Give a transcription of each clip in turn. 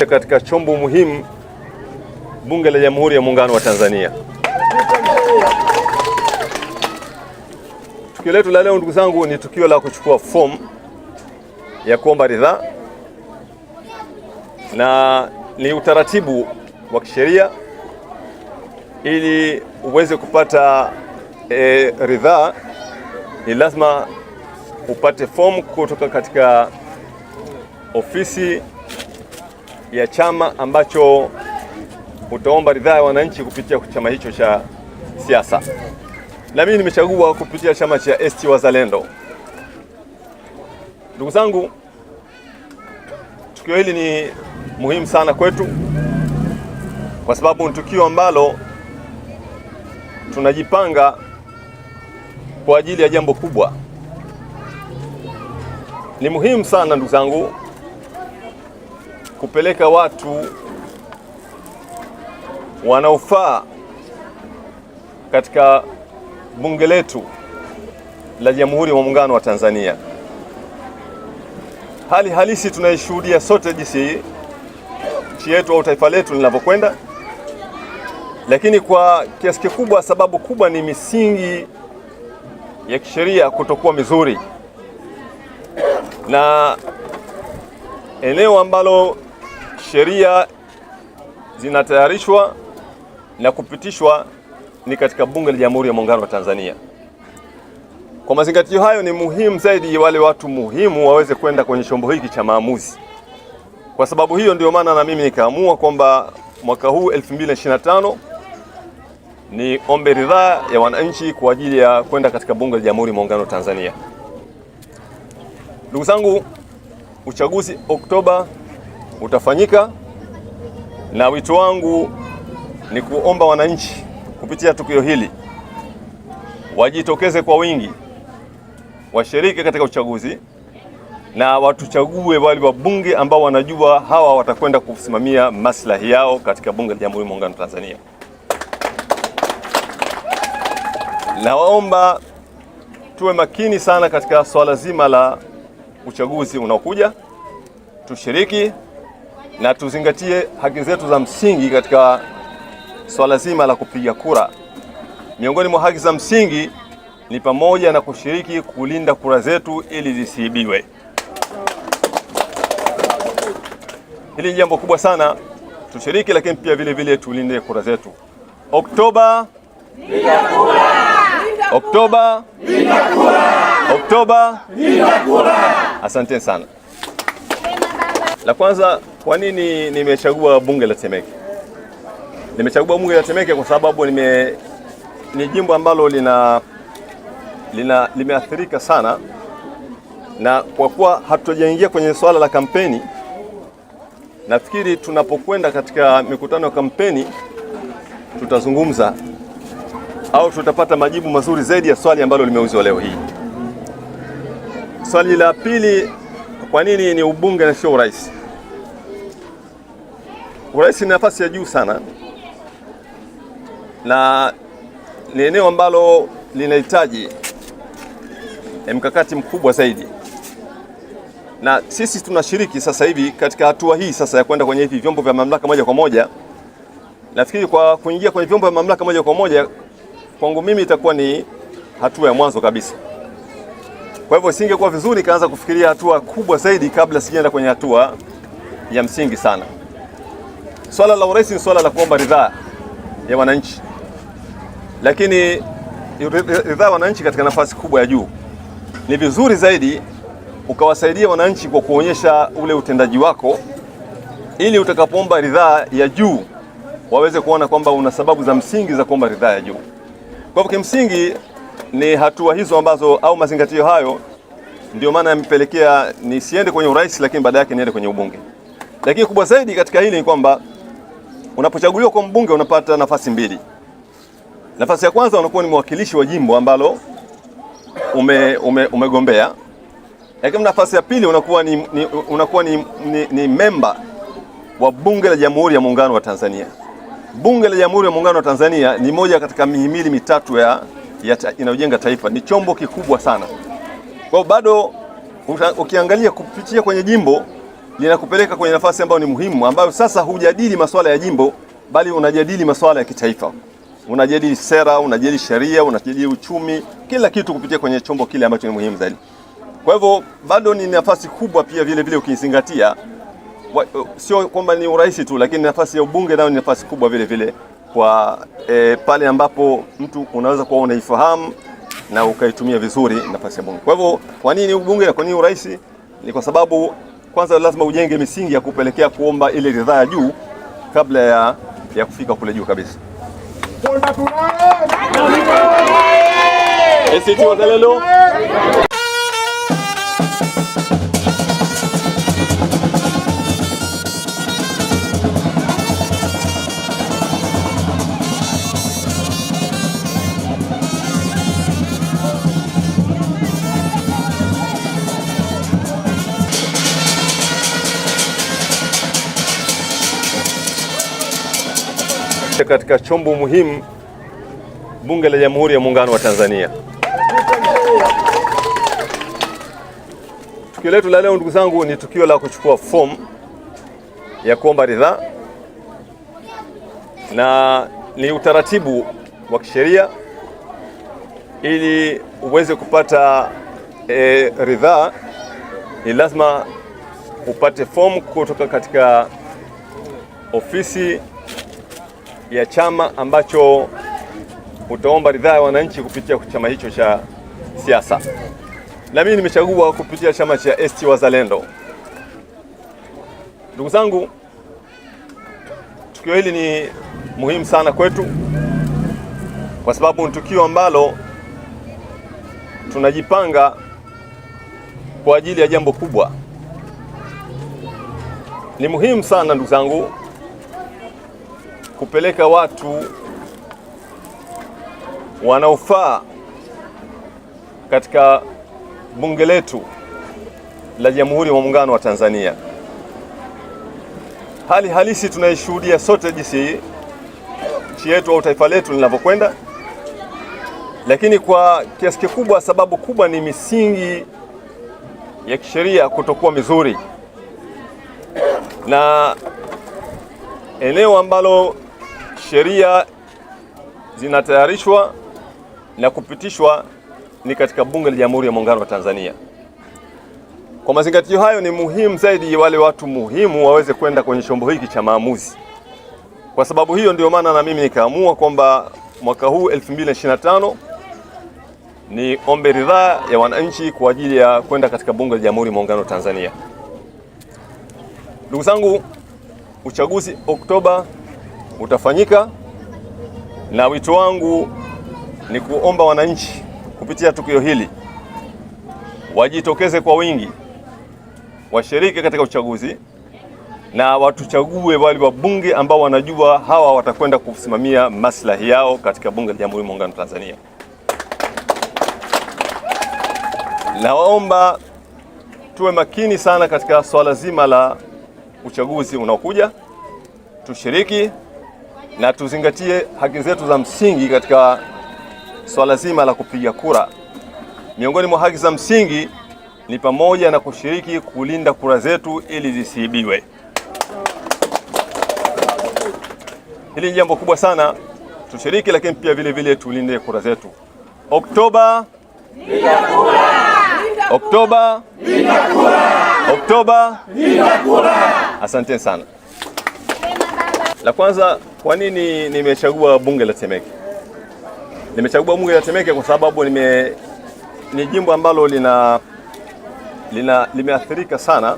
katika chombo muhimu Bunge la Jamhuri ya Muungano wa Tanzania. Tukio letu la leo, ndugu zangu, ni tukio la kuchukua fomu ya kuomba ridhaa na ni utaratibu wa kisheria ili uweze kupata e, ridhaa ni lazima upate fomu kutoka katika ofisi ya chama ambacho utaomba ridhaa ya wananchi kupitia chama hicho cha siasa. Na mimi nimechagua kupitia chama cha ACT Wazalendo. Ndugu zangu, tukio hili ni muhimu sana kwetu kwa sababu ni tukio ambalo tunajipanga kwa ajili ya jambo kubwa. Ni muhimu sana ndugu zangu kupeleka watu wanaofaa katika bunge letu la Jamhuri ya Muungano wa Tanzania. Hali halisi tunaishuhudia sote jinsi nchi yetu au taifa letu linavyokwenda, lakini kwa kiasi kikubwa, sababu kubwa ni misingi ya kisheria kutokuwa mizuri na eneo ambalo sheria zinatayarishwa na kupitishwa ni katika Bunge la Jamhuri ya Muungano wa Tanzania. Kwa mazingatio hayo, ni muhimu zaidi wale watu muhimu waweze kwenda kwenye chombo hiki cha maamuzi. Kwa sababu hiyo, ndio maana na mimi nikaamua kwamba mwaka huu 2025 ni ombe ridhaa ya wananchi kwa ajili ya kwenda katika Bunge la Jamhuri ya Muungano wa Tanzania. Ndugu zangu, uchaguzi Oktoba utafanyika, na wito wangu ni kuomba wananchi kupitia tukio hili wajitokeze kwa wingi, washiriki katika uchaguzi na watuchague wale wabunge ambao wanajua hawa watakwenda kusimamia maslahi yao katika bunge la Jamhuri ya Muungano wa Tanzania. Nawaomba tuwe makini sana katika swala zima la uchaguzi unaokuja, tushiriki na tuzingatie haki zetu za msingi katika swala zima la kupiga kura. Miongoni mwa haki za msingi ni pamoja na kushiriki kulinda kura zetu ili zisiibiwe. Hili ni jambo kubwa sana, tushiriki, lakini pia vile vile tulinde kura zetu. Oktoba kura, Oktoba piga kura, Oktoba kura. Asante sana. La kwanza, kwa nini nimechagua bunge la Temeke? Nimechagua bunge la Temeke kwa sababu nime ni jimbo ambalo lina, lina limeathirika sana, na kwa kuwa hatujaingia kwenye swala la kampeni, nafikiri tunapokwenda katika mikutano ya kampeni tutazungumza au tutapata majibu mazuri zaidi ya swali ambalo limeuzwa leo hii. Swali la pili, kwa nini ni ubunge na sio urais? Urais ni nafasi ya juu sana na ni eneo ambalo linahitaji mkakati mkubwa zaidi, na sisi tunashiriki sasa hivi katika hatua hii sasa ya kwenda kwenye hivi vyombo vya mamlaka moja kwa moja. Nafikiri kwa kuingia kwenye vyombo vya mamlaka moja kwa moja kwangu mimi itakuwa ni hatua ya mwanzo kabisa. Kwa hivyo isingekuwa vizuri nikaanza kufikiria hatua kubwa zaidi kabla sijaenda kwenye hatua ya msingi sana. Swala la urais ni swala la kuomba ridhaa ya wananchi, lakini ridhaa ya wananchi katika nafasi kubwa ya juu, ni vizuri zaidi ukawasaidia wananchi kwa kuonyesha ule utendaji wako, ili utakapoomba ridhaa ya juu waweze kuona kwamba una sababu za msingi za kuomba ridhaa ya juu. Kwa hivyo kimsingi ni hatua hizo ambazo au mazingatio hayo ndio maana yamepelekea nisiende kwenye urais, lakini baada yake niende kwenye ubunge. Lakini kubwa zaidi katika hili ni kwamba Unapochaguliwa kwa mbunge unapata nafasi mbili. Nafasi ya kwanza unakuwa ni mwakilishi wa jimbo ambalo ume, ume, umegombea, lakini nafasi ya pili unakuwa ni, ni, unakuwa ni, ni, ni memba wa Bunge la Jamhuri ya Muungano wa Tanzania. Bunge la Jamhuri ya Muungano wa Tanzania ni moja katika mihimili mitatu ya, ya inayojenga taifa, ni chombo kikubwa sana. Kwa hiyo bado ukiangalia kupitia kwenye jimbo linakupeleka kwenye nafasi ambayo ni muhimu, ambayo sasa hujadili masuala ya jimbo, bali unajadili masuala ya kitaifa, unajadili sera, unajadili sheria, unajadili uchumi, kila kitu kupitia kwenye chombo kile ambacho ni muhimu zaidi. Kwa hivyo bado ni nafasi kubwa pia vile vile, ukizingatia sio kwamba ni urais tu, lakini nafasi ya ubunge nayo ni nafasi kubwa vile vile kwa e, pale ambapo mtu unaweza kuwa unaifahamu na ukaitumia vizuri nafasi ya bunge. Kwa hivyo kwa nini ubunge na kwa nini urais? Ni kwa sababu kwanza lazima ujenge misingi ya kupelekea kuomba ile ridhaa ya juu kabla ya, ya kufika kule juu kabisa. ACT Wazalendo katika chombo muhimu Bunge la Jamhuri ya Muungano wa Tanzania. Tukio letu la leo, ndugu zangu, ni tukio la kuchukua fomu ya kuomba ridhaa, na ni utaratibu wa kisheria ili uweze kupata e, ridhaa ni lazima upate fomu kutoka katika ofisi ya chama ambacho utaomba ridhaa ya wananchi kupitia chama hicho cha siasa. Na mimi nimechagua kupitia chama cha ACT Wazalendo. Ndugu zangu, tukio hili ni muhimu sana kwetu kwa sababu ni tukio ambalo tunajipanga kwa ajili ya jambo kubwa. Ni muhimu sana ndugu zangu kupeleka watu wanaofaa katika bunge letu la Jamhuri ya Muungano wa Tanzania. Hali halisi tunaishuhudia sote jinsi nchi yetu au taifa letu linavyokwenda, lakini kwa kiasi kikubwa, sababu kubwa ni misingi ya kisheria kutokuwa mizuri na eneo ambalo sheria zinatayarishwa na kupitishwa ni katika Bunge la Jamhuri ya Muungano wa Tanzania. Kwa mazingatio hayo, ni muhimu zaidi wale watu muhimu waweze kwenda kwenye chombo hiki cha maamuzi. Kwa sababu hiyo, ndio maana na mimi nikaamua kwamba mwaka huu 2025 ni ombe ridhaa ya wananchi kwa ajili ya kwenda katika Bunge la Jamhuri ya Muungano wa Tanzania. Ndugu zangu, uchaguzi Oktoba utafanyika, na wito wangu ni kuomba wananchi kupitia tukio hili wajitokeze kwa wingi, washiriki katika uchaguzi na watuchague wale wabunge ambao wanajua hawa watakwenda kusimamia maslahi yao katika bunge la Jamhuri ya Muungano wa Tanzania. Nawaomba tuwe makini sana katika swala zima la uchaguzi unaokuja, tushiriki na tuzingatie haki zetu za msingi katika swala zima la kupiga kura. Miongoni mwa haki za msingi ni pamoja na kushiriki kulinda kura zetu ili zisiibiwe. Hili ni jambo kubwa sana, tushiriki, lakini pia vile vile tulinde kura zetu. Oktoba linda kura. Oktoba linda kura. Oktoba linda kura. Asante sana. La kwanza kwa nini nimechagua bunge la Temeke? Nimechagua bunge la Temeke kwa sababu nime ni jimbo ambalo lina, lina limeathirika sana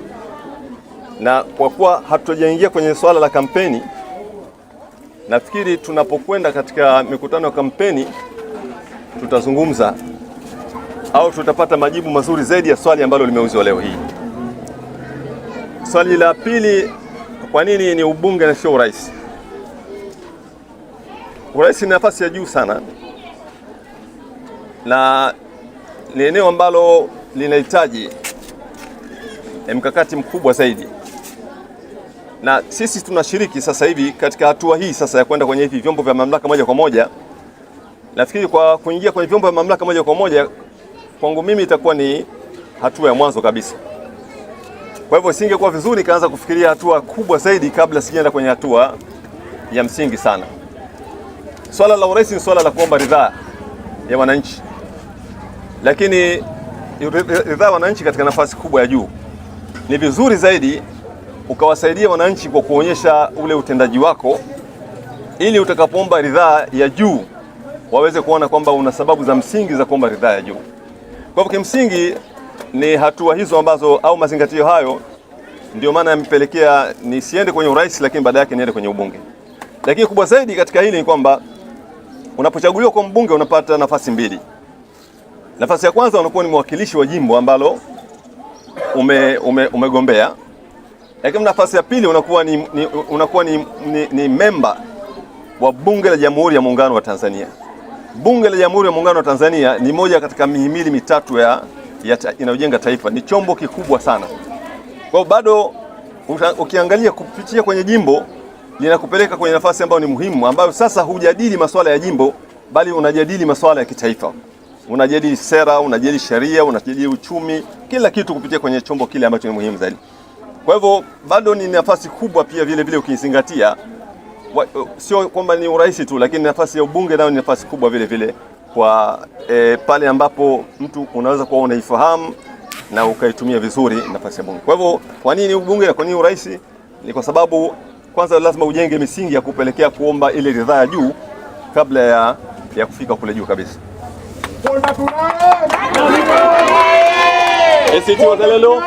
na kwa kuwa hatujaingia kwenye swala la kampeni, nafikiri tunapokwenda katika mikutano ya kampeni tutazungumza au tutapata majibu mazuri zaidi ya swali ambalo limeuzwa leo hii. Swali la pili, kwa nini ni ubunge na sio urais? Urais ni nafasi ya juu sana na ni eneo ambalo linahitaji mkakati mkubwa zaidi, na sisi tunashiriki sasa hivi katika hatua hii sasa ya kwenda kwenye hivi vyombo vya mamlaka moja kwa moja. Nafikiri kwa kuingia kwenye vyombo vya mamlaka moja kwa moja kwangu mimi itakuwa ni hatua ya mwanzo kabisa. Kwa hivyo isingekuwa vizuri kaanza kufikiria hatua kubwa zaidi kabla sijaenda kwenye hatua ya msingi sana. Swala la urais ni swala la kuomba ridhaa ya wananchi, lakini ridhaa ya wananchi katika nafasi kubwa ya juu, ni vizuri zaidi ukawasaidia wananchi kwa kuonyesha ule utendaji wako, ili utakapoomba ridhaa ya juu waweze kuona kwamba una sababu za msingi za kuomba ridhaa ya juu. Kwa hivyo kimsingi ni hatua hizo ambazo au mazingatio hayo ndio maana yamepelekea nisiende kwenye urais, lakini baada yake niende kwenye ubunge. Lakini kubwa zaidi katika hili ni kwamba Unapochaguliwa kwa mbunge unapata nafasi mbili. Nafasi ya kwanza unakuwa ni mwakilishi wa jimbo ambalo ume, ume, umegombea, lakini nafasi ya pili unakuwa ni, ni, unakuwa ni, ni, ni memba wa Bunge la Jamhuri ya Muungano wa Tanzania. Bunge la Jamhuri ya Muungano wa Tanzania ni moja katika mihimili mitatu ya, ya inayojenga taifa, ni chombo kikubwa sana. Kwa bado ukiangalia kupitia kwenye jimbo linakupeleka kwenye nafasi ambayo ni muhimu, ambayo sasa hujadili masuala ya jimbo, bali unajadili masuala ya kitaifa, unajadili sera, unajadili sheria, unajadili uchumi, kila kitu kupitia kwenye chombo kile ambacho ni muhimu zaidi. Kwa hivyo bado ni nafasi kubwa pia vile vile, ukizingatia sio kwamba ni urais tu, lakini nafasi ya ubunge nayo ni nafasi kubwa vile vile kwa e, pale ambapo mtu unaweza kuwa unaifahamu na ukaitumia vizuri nafasi ya bunge. Kwa hivyo kwa nini ubunge na kwa nini urais? Ni kwa sababu kwanza lazima ujenge misingi ya kupelekea kuomba ile ridhaa ya juu kabla ya, ya kufika kule juu kabisa. ACT Wazalendo